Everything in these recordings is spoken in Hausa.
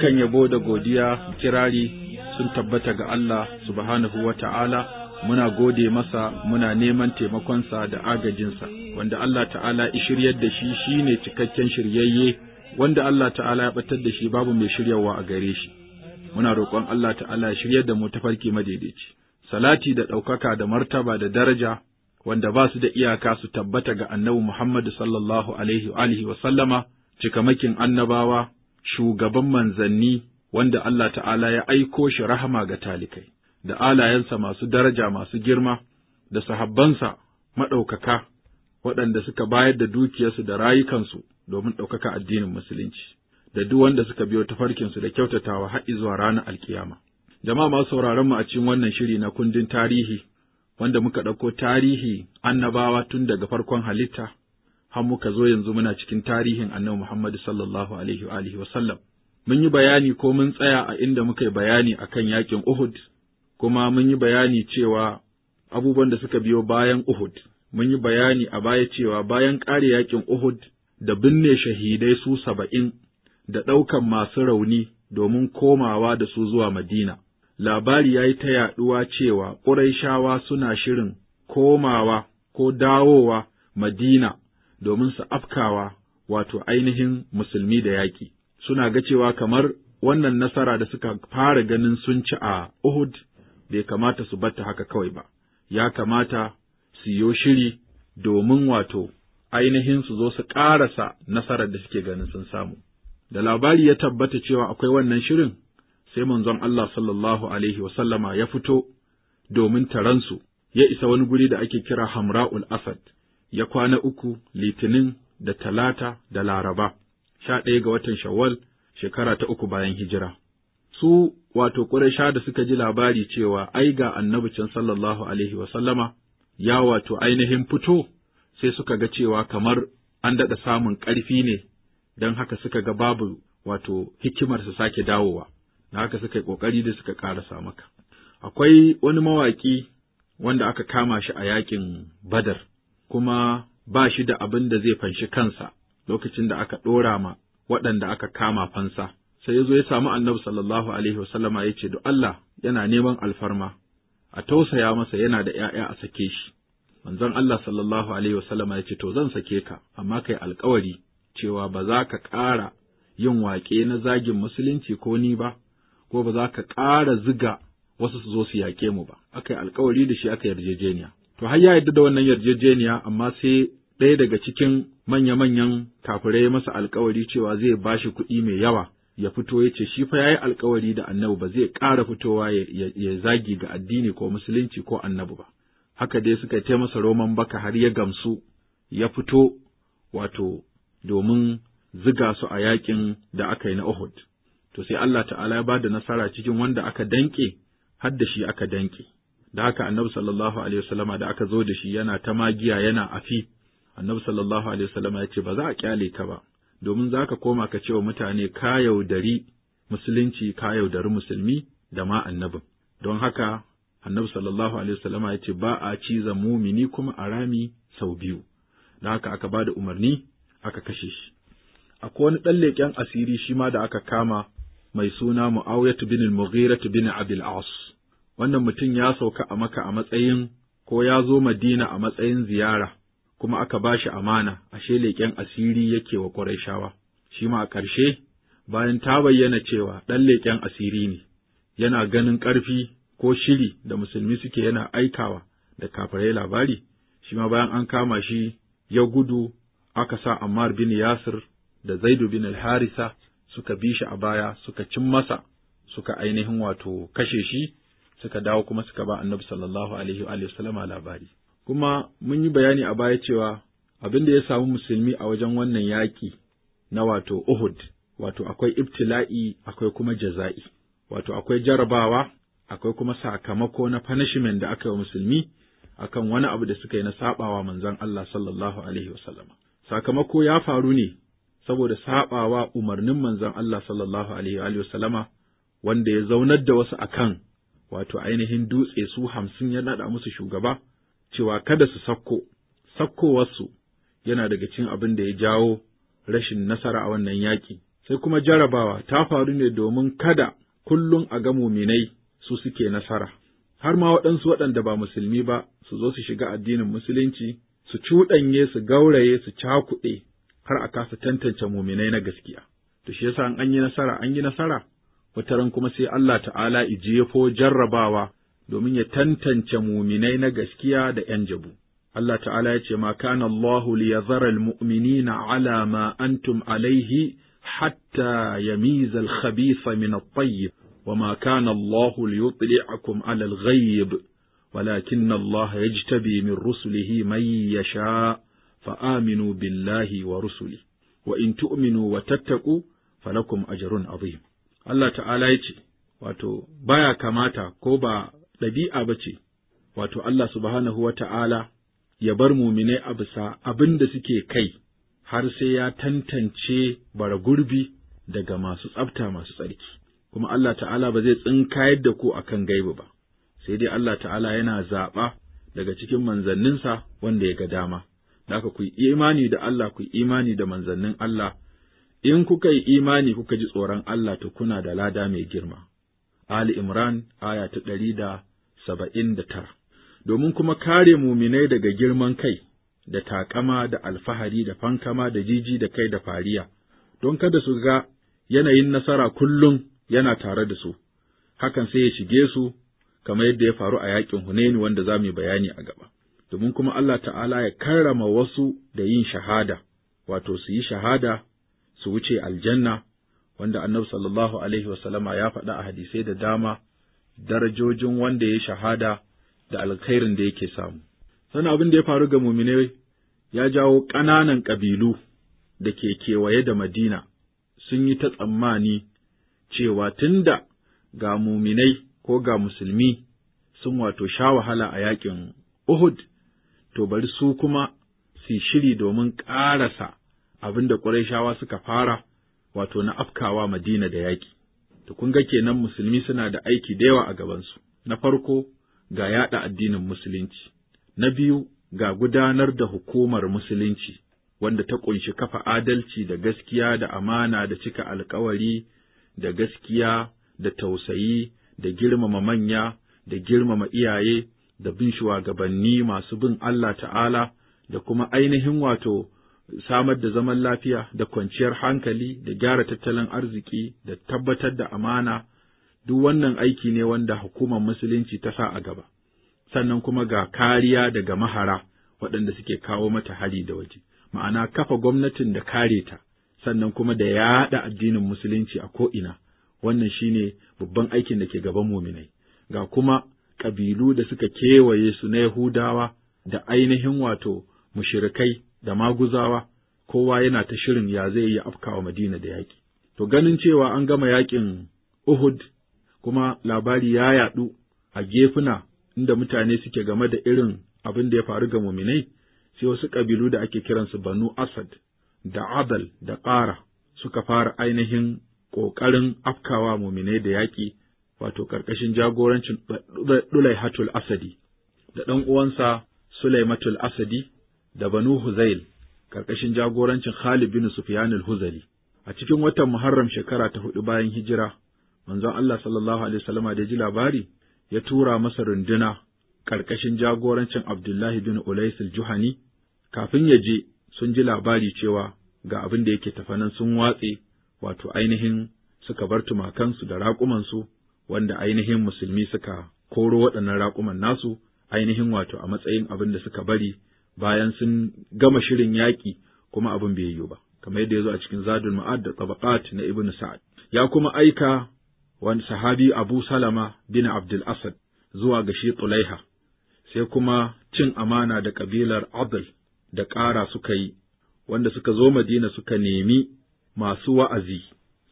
dukkan yabo da godiya kirari sun tabbata ga Allah subhanahu wa ta'ala muna gode masa muna neman taimakonsa da agajinsa wanda Allah ta'ala shiryar da shi shi ne cikakken shiryayye wanda Allah ta'ala ya batar da shi babu mai shiryawa a gare shi muna roƙon Allah ta'ala ya shiryar da mu tafarki madaidaici salati da ɗaukaka da martaba da daraja wanda ba su da iyaka su tabbata ga annabi Muhammad sallallahu alaihi wa wa sallama cikamakin annabawa shugaban manzanni wanda Allah ta'ala ya aiko shi rahama ga talikai, da alayensa masu daraja masu girma, da sahabbansa maɗaukaka waɗanda suka bayar da dukiyarsu da rayukansu domin ɗaukaka addinin musulunci, da duk wanda suka biyo tafarkinsu da kyautatawa har zuwa ranar alkiyama. Jama'a masu sauraron mu a cikin wannan shiri na kundin tarihi, wanda muka ɗauko tarihi annabawa tun daga farkon halitta har muka zo yanzu muna cikin tarihin Annabi Muhammad sallallahu alaihi wa alihi wa Mun yi bayani ko mun tsaya a inda muka yi bayani kan yaƙin Uhud, kuma mun yi bayani cewa abubuwan da suka biyo bayan Uhud. Mun yi bayani a baya cewa bayan ƙare yaƙin Uhud da binne shahidai su saba'in da ɗaukan masu rauni domin komawa da su zuwa Madina. Labari ya yi ta yaɗuwa cewa Ƙuraishawa suna shirin komawa ko dawowa Madina domin su afkawa wato ainihin musulmi da yaƙi. Suna ga cewa kamar wannan nasara da suka fara ganin sun ci a Uhud bai kamata su batta haka kawai ba, ya kamata su yi shiri domin wato ainihin su zo su ƙarasa nasarar da suke ganin sun samu. Da labari ya tabbata cewa akwai wannan shirin, sai manzon Allah sallallahu Alaihi wasallama ya fito domin taransu, ya isa wani guri da ake kira Hamra'ul Asad. ya kwana uku litinin da talata da laraba, sha ɗaya ga watan Shawwal, shekara ta uku bayan hijira. Su wato ƙuraisha da suka ji labari cewa ai ga annabi can sallallahu alaihi wasallama ya wato ainihin fito sai suka ga cewa kamar an daɗa samun ƙarfi ne don haka suka ga babu wato hikimar su sake dawowa, da haka suka yi ƙoƙari da suka ƙarasa maka. Akwai wani mawaƙi wanda aka kama shi a yaƙin Badar, kuma ba shi da abin da zai fanshi kansa lokacin da aka ɗora ma waɗanda aka kama fansa. Sai ya zo ya samu annabi sallallahu alaihi wasallama ya ce, Do Allah yana neman alfarma, a tausaya masa yana da ’ya'ya a sake shi. Manzon Allah sallallahu alaihi wasallama ya ce, To zan sake ka, amma kai alkawari cewa ba za ka ƙara yin waƙe na zagin musulunci ko ni ba, ko ba za ka ƙara ziga wasu su zo su yaƙe mu ba, aka yi alkawari da shi aka yarjejeniya. To har ya yarda da wannan yarjejeniya amma sai ɗaya daga cikin manya-manyan kafirai masa alkawari cewa zai bashi kuɗi mai yawa ya fito ya ce shi fa ya yi alkawari da annabi ba zai ƙara fitowa ya zagi ga addini ko musulunci ko annabi ba. Haka dai suka yi masa roman baka har ya gamsu ya fito wato domin ziga su a yaƙin da aka yi na Uhud. To sai Allah ta'ala ya ba da nasara cikin wanda aka danƙe, har da shi aka danƙe. da haka annabi sallallahu alaihi wasallama da aka zo da shi yana ta magiya yana afi annabi sallallahu alaihi wasallama ya ce ba za a kyale ka ba domin za ka koma ka ce wa mutane ka yaudari musulunci ka yaudari musulmi da ma annabin don haka annabi sallallahu alaihi wasallama ya ce ba a ciza mumini kuma a rami sau biyu da haka aka ba da umarni aka kashe shi akwai wani ɗan leƙen asiri shi ma da aka kama mai suna Mu'awiyatu bin al bin Abil As wannan mutum ya sauka a maka a matsayin ko ya zo Madina a matsayin ziyara, kuma aka ba shi amana, ashe leƙen asiri yake wa Qurayshawa. Shi ma a ƙarshe, bayan ta bayyana cewa ɗan leƙen asiri ne, yana ganin ƙarfi ko shiri da musulmi suke yana aikawa da kafirai labari, shi ma bayan an kama shi ya gudu aka sa Ammar bin Yasir da Zaidu bin alharisa suka bi shi a baya suka cin masa suka ainihin wato kashe shi suka dawo kuma suka ba annabi sallallahu alaihi wa sallama labari. Kuma mun yi bayani a baya cewa abin da ya samu musulmi a wajen wannan yaƙi na wato Uhud, wato akwai ibtila'i akwai kuma jaza'i, wato akwai jarabawa akwai kuma sakamako na punishment da aka yi wa musulmi akan wani abu da suka yi na saɓawa manzon Allah sallallahu alaihi wasallama. Sakamako ya faru ne saboda saɓawa umarnin manzon Allah sallallahu alaihi sallama wanda ya zaunar da wasu akan wato ainihin dutse su hamsin ya naɗa musu shugaba, cewa kada su sakko, sakkowarsu yana daga cin abin da ya jawo rashin nasara a wannan yaƙi. Sai kuma jarabawa ta faru ne domin kada kullum a ga muminai su suke nasara, har ma waɗansu waɗanda ba musulmi ba su zo su shiga addinin musulunci, su cuɗanye, su gauraye, su cakuɗe, har a kasa tantance muminai na gaskiya. To shi yasa an yi nasara, an yi nasara, wataran kuma sai Allah ta'ala ijefo jarrabawa domin ya tantance muminai na gaskiya da ’yan jabu. Allah ta'ala ya ce, Ma kana Allah Allahu liyazara almu'minina ala ma antum alaihi hatta yamiza al-khabitha min at-tayyib wa ma kana Allahu yutli'akum ala al-ghaib walakin Allah yajtabi min rusulihi man yasha fa aminu billahi wa rusuli wa in tu'minu wa tattaqu falakum ajrun azim Allah ta'ala ya ce, wato, baya kamata ko ba ɗabi'a ba ce, wato Allah subhanahu wa ta'ala ya bar muminai a bisa abin da suke kai, har sai ya tantance bara gurbi daga masu tsafta masu tsarki, kuma Allah ta'ala ba zai tsinkayar da ku a kan gaibu ba, sai dai Allah ta'ala yana zaɓa daga cikin manzanninsa wanda ya ga dama, da ku yi imani da Allah, ku yi imani da manzannin Allah, In kuka yi imani kuka ji tsoron Allah to kuna da lada mai girma. Ali Imran aya ta ɗari da saba'in da tara. Domin kuma kare muminai daga girman kai, da takama da alfahari da fankama da jiji da kai da fariya, don kada su ga yanayin nasara kullum yana tare da su, hakan sai ya shige su kamar yadda ya faru a yaƙin Hunaini wanda za mu yi bayani a gaba. Domin kuma Allah ta'ala ya karrama wasu da yin shahada, wato su yi shahada su wuce aljanna wanda annabi sallallahu alaihi wasallama ya faɗa a hadisai da dama darajojin wanda ya shahada da alkhairin da yake samu. San abin da ya faru ga muminai ya jawo ƙananan ƙabilu da ke kewaye da Madina sun yi ta tsammani cewa tunda ga muminai ko ga musulmi sun wato sha wahala a yaƙin Uhud, to bari su kuma su shiri domin ƙarasa abin da Qurayshawa suka fara wato na afkawa Madina da yaƙi. To kun ga kenan musulmi suna da aiki da yawa a gabansu. Na farko ga yaɗa addinin musulunci. Na biyu ga gudanar da hukumar musulunci wanda ta ƙunshi kafa adalci da gaskiya da amana da cika alƙawari da gaskiya da tausayi da girmama manya da girmama iyaye da bin shugabanni masu bin Allah ta'ala da kuma ainihin wato samar da zaman lafiya da kwanciyar hankali da gyara tattalin arziki da tabbatar da amana duk wannan aiki ne wanda hukumar musulunci ta sa a gaba sannan kuma ga kariya daga mahara waɗanda suke kawo mata hari da waje ma'ana kafa gwamnatin da kare ta sannan kuma da yaɗa addinin musulunci a ko'ina wannan shine babban aikin da ke gaban muminai ga kuma ƙabilu da suka kewaye su na Yahudawa da ainihin wato mushirikai da maguzawa kowa yana ta shirin ya zai yi afkawa Madina da yaƙi. To ganin cewa an gama yaƙin Uhud kuma labari ya yaɗu a gefuna inda mutane suke game da irin abin da ya faru ga muminai, sai wasu ƙabilu da ake kiransu Banu Asad da Adal da Ƙara suka fara ainihin ƙoƙarin afkawa muminai da yaƙi wato ƙarƙashin jagorancin Hatul Asadi da ɗan uwansa Sulaimatul Asadi da Banu Huzail karkashin jagorancin Khalid bin Sufyan al-Huzali. A cikin watan Muharram shekara ta hudu bayan hijira, manzon Allah sallallahu alaihi wasallama da ji labari ya tura masa runduna ƙarƙashin jagorancin Abdullahi bin Ulais al-Juhani kafin ya je sun ji labari cewa ga abin da yake tafanan sun watse wato ainihin suka bar tumakansu da raƙumansu wanda ainihin musulmi suka koro waɗannan raƙuman nasu ainihin wato a matsayin abin da suka bari bayan sun gama shirin yaƙi kuma abin bai yiwu ba kamar yadda ya zo a cikin zadul ma'ad da tabaqat na ibn sa'ad ya kuma aika wani sahabi abu salama bin abdul asad zuwa ga shi tulaiha sai kuma cin amana da kabilar adl da ƙara suka yi wanda suka zo madina suka nemi masu wa'azi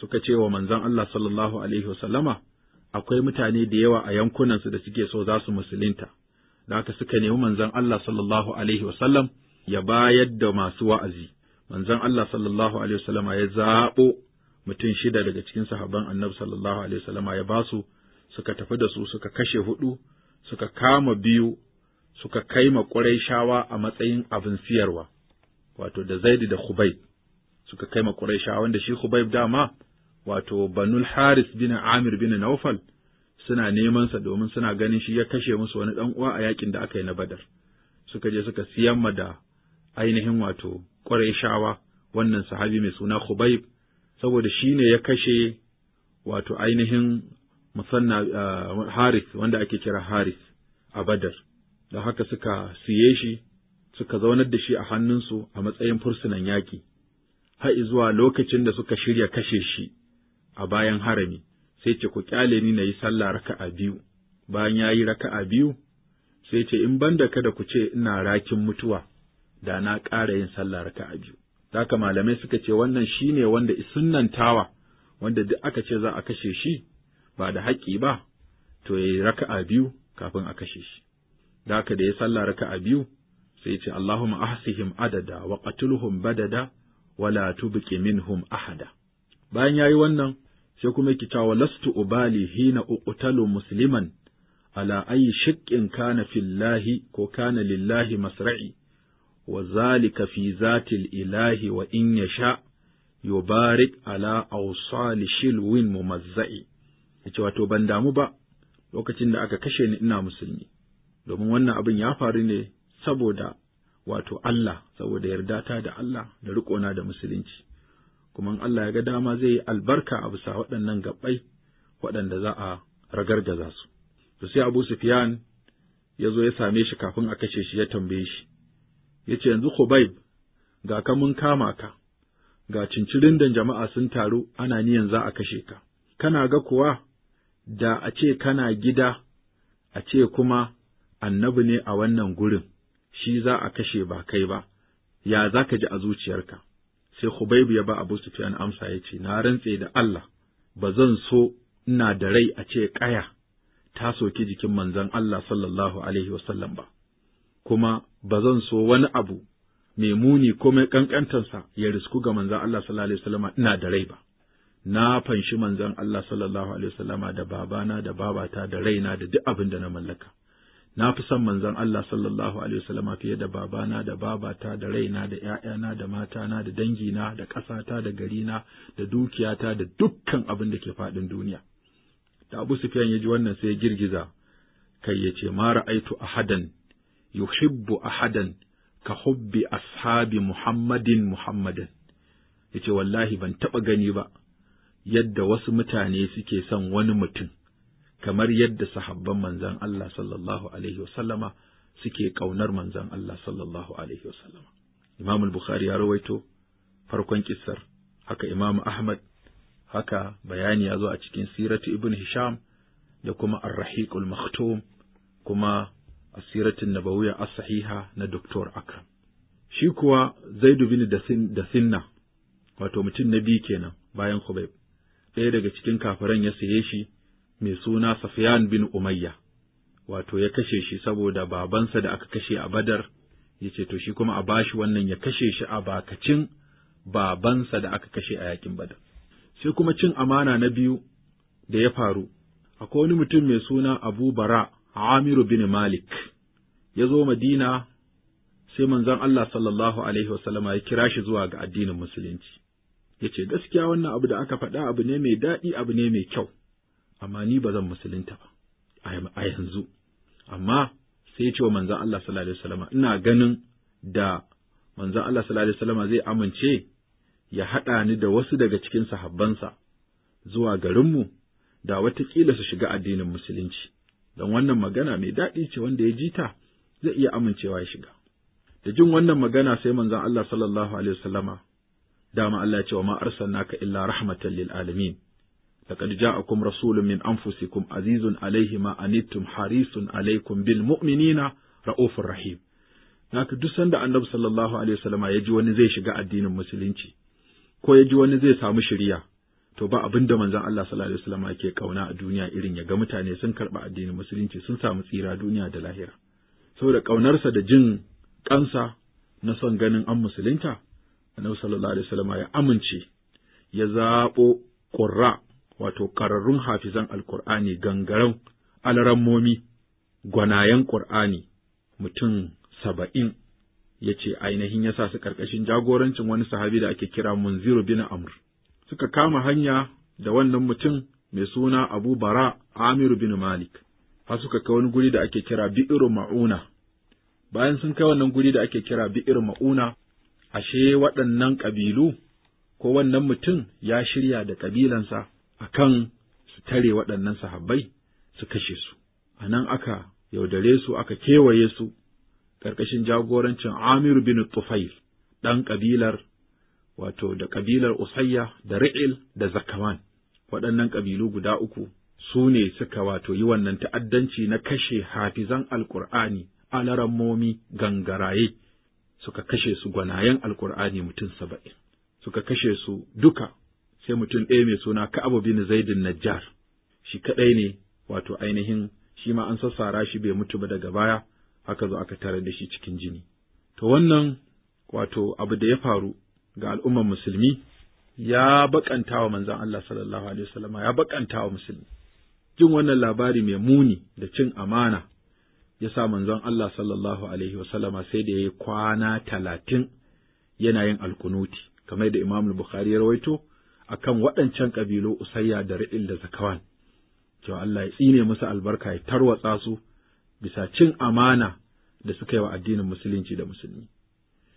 suka ce wa manzon Allah sallallahu alaihi wasallama akwai mutane da yawa a yankunansu da suke so za su musulunta da haka suka nemi manzon Allah sallallahu alaihi wasallam ya bayar da masu wa'azi. Manzon Allah sallallahu alaihi wasallama ya zaɓo mutum shida daga cikin sahaban annabi sallallahu alaihi wasallama ya basu suka tafi da su suka kashe hudu suka kama biyu suka kai ma shawa a matsayin abin siyarwa, wato da Zaidi da Hubaib suka kai ma shawa wanda shi Hubaib dama wato Banul Haris bin Amir bin Naufal suna neman sa domin suna ganin shi ya kashe musu wani ɗan uwa a yakin da aka yi na Badar suka je suka siyan ma da ainihin wato Qurayshawa wannan sahabi mai suna Khubayb saboda shi ne ya kashe wato ainihin musanna uh, ah, Haris wanda ake kira Haris a Badar da haka suka siye shi suka zaunar da shi a hannunsu a matsayin fursunan yaki har zuwa lokacin da suka shirya kashe shi a bayan harami, sai ce ku kyale ni na yi sallah raka'a biyu bayan ya yi raka'a biyu sai ce in ban banda kada ku ce ina rakin mutuwa da na ƙara yin sallah raka'a biyu zaka malamai suka ce wannan shi ne wanda tawa wanda duk aka ce za a kashe shi ba da haƙƙi ba to ya yi raka'a biyu kafin a kashe shi daka da ya sallah raka'a biyu sai ce Allahumma ahsihim adada wa qatulhum badada wala tubqi minhum ahada bayan ya yi wannan sai kuma yake cewa lastu ubali hina uqtalu musliman ala ayi shaqqin kana fillahi ko kana lillahi masra'i wa zalika fi zatil ilahi wa in yasha yubarik ala awsal shilwin mumazza'i yace wato ban damu ba lokacin da aka kashe ni ina musulmi domin wannan abin ya faru ne saboda wato Allah saboda yarda ta da Allah da riƙona da musulunci kuma Allah ya ga dama zai yi albarka a bisa waɗannan gaɓai waɗanda za a ragargaza su. To sai Abu Sufyan ya zo ya same shi kafin a kashe shi ya tambaye shi, ya ce yanzu Khubayb ga ka mun kama ka, ga cincirin da jama'a sun taru ana niyan za a kashe ka, kana ga kuwa da a ce kana gida a ce kuma annabi ne a wannan gurin, shi za a kashe ba kai ba, ya za ka ji a zuciyarka. sai Hubayb ya ba Abu Sufyan amsa ya ce na rantse da Allah ba zan so ina da rai a ce ƙaya ta soki jikin manzon Allah sallallahu alaihi wasallam ba kuma ba zan so wani abu mai muni ko mai kankantansa ya risku ga manzon Allah sallallahu alaihi sallama ina da rai ba na fanshi manzon Allah sallallahu alaihi wasallama da babana da babata da raina da duk abin da na mallaka na fi son manzon Allah sallallahu alaihi wasallama fiye da babana da babata da raina da ‘ya'yana da matana da dangina da ƙasata da garina da dukiyata da dukkan abin da ke faɗin duniya. Da Abu Sufyan ya ji wannan sai ya girgiza kai ya ce ma aitu ahadan yuhibbu ahadan ka hubbi ashabi Muhammadin Muhammadin. yace wallahi ban taɓa gani ba yadda wasu mutane suke son wani mutum kamar yadda sahabban manzan Allah sallallahu alaihi wasallama suke ƙaunar manzan Allah sallallahu alaihi wasallama. Imam bukhari ya rawaito farkon kissar, haka Imam Ahmad, haka bayani ya zo a cikin siratu Ibn Hisham da kuma Ar-Rahiqul Maktum kuma asiratun nabawiyya as-sahiha na Dr. Akram. Shi kuwa Zaidu bin da Sinna, wato mutum na biyu kenan bayan Khubayb. Ɗaya daga cikin kafiran ya saye shi mai suna Safiyan bin Umayya, wato ya kashe shi saboda babansa da aka kashe a Badar, ya ce to shi kuma a bashi wannan ya kashe shi a bakacin babansa da aka kashe a yakin Badar. Sai kuma cin amana na biyu da ya faru, akwai wani mutum mai suna Abu Bara Amiru bin Malik, ya zo Madina sai manzon Allah sallallahu Alaihi wasallama ya kira shi zuwa ga addinin Musulunci. Ya ce, Gaskiya wannan abu da aka faɗa abu ne mai daɗi abu ne mai kyau, amma ni ba zan musulunta ba a yanzu amma sai ya ce wa manzon Allah sallallahu alaihi wasallam ina ganin da manzon Allah sallallahu alaihi wasallam zai amince ya haɗa ni da wasu daga cikin sahabbansa zuwa garinmu da watakila su shiga addinin musulunci don wannan magana mai daɗi ce wanda ya jita, zai iya amincewa ya shiga da jin wannan magana sai manzon Allah sallallahu alaihi wasallama dama Allah ya ce wa ma arsalnaka illa rahmatan lil alamin لقد جاءكم رسول من أنفسكم عزيز عليه ما أنتم حريص عليكم بالمؤمنين رؤوف rahim. Naka duk sanda annabi sallallahu alaihi wasallam ya ji wani zai shiga addinin musulunci ko ya ji wani zai samu shiriya to ba abinda manzon Allah sallallahu alaihi wasallam yake kauna a duniya irin ya ga mutane sun karɓi addinin musulunci sun samu tsira duniya da lahira saboda ƙaunarsa da jin kansa na son ganin an musulunta annabi sallallahu alaihi wasallam ya amince ya zaɓo ƙurra wato ƙararrun hafizan alƙur'ani gangaren alarammomi gwanayen ƙur'ani mutum saba'in ya ce ainihin ya sa su ƙarƙashin jagorancin wani sahabi da ake kira munziru bin amr suka kama hanya da wannan mutum mai suna abu bara amiru bin malik har suka kai wani guri da ake kira bi'iru ma'una bayan sun kai wannan guri da ake kira bi'ir ma'una, ashe waɗannan ƙabilu ko wannan mutum ya shirya da ƙabilansa akan su tare waɗannan sahabbai su kashe su a nan aka yaudare su aka kewaye su ƙarƙashin jagorancin Amiru bin Tufail ɗan ƙabilar wato da ƙabilar Usayya da Ri'il da Zakaman waɗannan ƙabilu guda uku su ne suka wato yi wannan ta'addanci na kashe hafizan Alƙur'ani momi gangaraye suka kashe su gwanayen Alƙur'ani mutum saba'in suka kashe su duka sai mutum ɗaya mai suna Ka'abu bin Zaidin Najjar shi kaɗai ne wato ainihin shi ma an sassara shi bai mutu ba daga baya aka zo aka tare da shi cikin jini to wannan wato abu da ya faru ga al'ummar musulmi ya baƙanta wa manzon Allah sallallahu alaihi wasallam ya baƙanta wa musulmi jin wannan labari mai muni da cin amana ya sa manzon Allah sallallahu alaihi wasallam sai da ya yi kwana talatin yana yin alkunuti kamar da Imam Bukhari ya rawaito akan waɗancan ƙabilu Usayya da Ri'il da Zakawan. Cewa Allah ya tsine musu albarka ya tarwatsa su bisa cin amana da suka yi wa addinin musulunci da musulmi.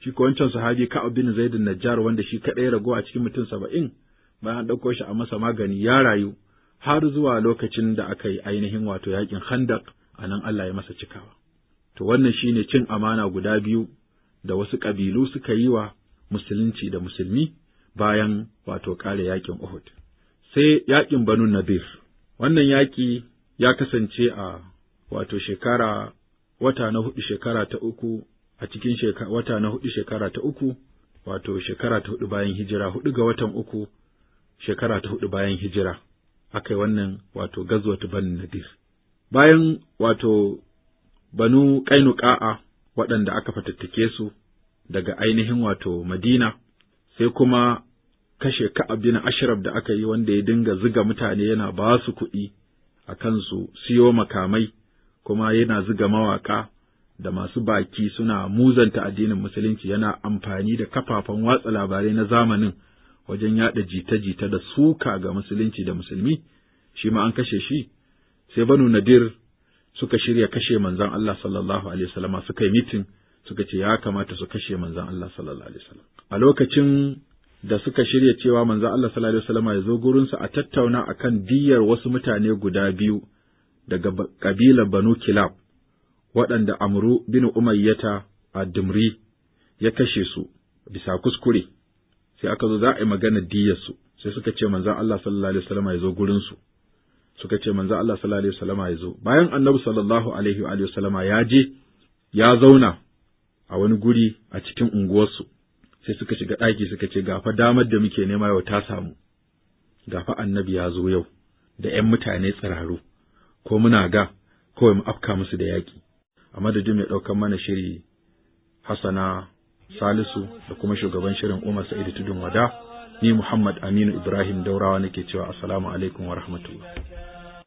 Shi ko wancan sahabi ka bin Zaid Najjar wanda shi kaɗai rago a cikin mutum saba'in bayan ɗauko shi a masa magani ya rayu har zuwa lokacin da aka yi ainihin wato yaƙin Khandaq a nan Allah ya masa cikawa. To wannan shine cin amana guda biyu da wasu ƙabilu suka yi wa musulunci da musulmi bayan wato ƙare yakin Uhud. Sai yakin Banu Nadir, wannan yaki ya kasance a wato shekara wata na hudu shekara ta uku a cikin wata na hudu shekara ta uku wato shekara ta hudu bayan hijira hudu ga watan uku shekara ta hudu bayan hijira aka yi wannan wato gazwatu Banu Nadir. Bayan wato Banu Kainuka'a waɗanda aka fatattake su daga ainihin wato Madina sai kuma kashe Ka'ab bin Ashraf da aka yi wanda ya dinga ziga mutane yana ba su kuɗi a kansu siyo makamai kuma yana ziga mawaƙa da masu baki suna muzanta addinin musulunci yana amfani da kafafen watsa labarai na zamanin wajen yaɗa jita-jita da suka ga musulunci da musulmi shi ma an kashe shi sai banu nadir suka shirya kashe manzon Allah sallallahu alaihi wasallama suka yi mitin suka ce ya kamata su kashe manzon Allah sallallahu alaihi wasallam a lokacin da suka shirya cewa manzo Allah sallallahu alaihi wasallam ya zo su a tattauna akan diyar wasu mutane guda biyu daga kabilar Banu Kilab waɗanda Amru bin Umayyata a Dumri ya kashe su bisa kuskure sai aka zo za a yi magana diyar su sai suka ce manzo Allah sallallahu alaihi wasallam ya zo su suka ce manzo Allah sallallahu alaihi wasallam ya zo bayan Annabi sallallahu alaihi wasallam ya je ya zauna a wani guri a cikin unguwarsu sai suka shiga ɗaki suka ce gafa damar da muke nema yau ta samu gafa annabi ya zo yau da ’yan mutane tsiraru ko muna ga kawai mu afka musu da yaƙi a madadin mai ɗaukar mana shiri Hassana Salisu da kuma shugaban shirin Umar Sa'idu Tudun Wada ni Muhammad Aminu Ibrahim Daurawa nake cewa assalamu alaikum wa rahmatullah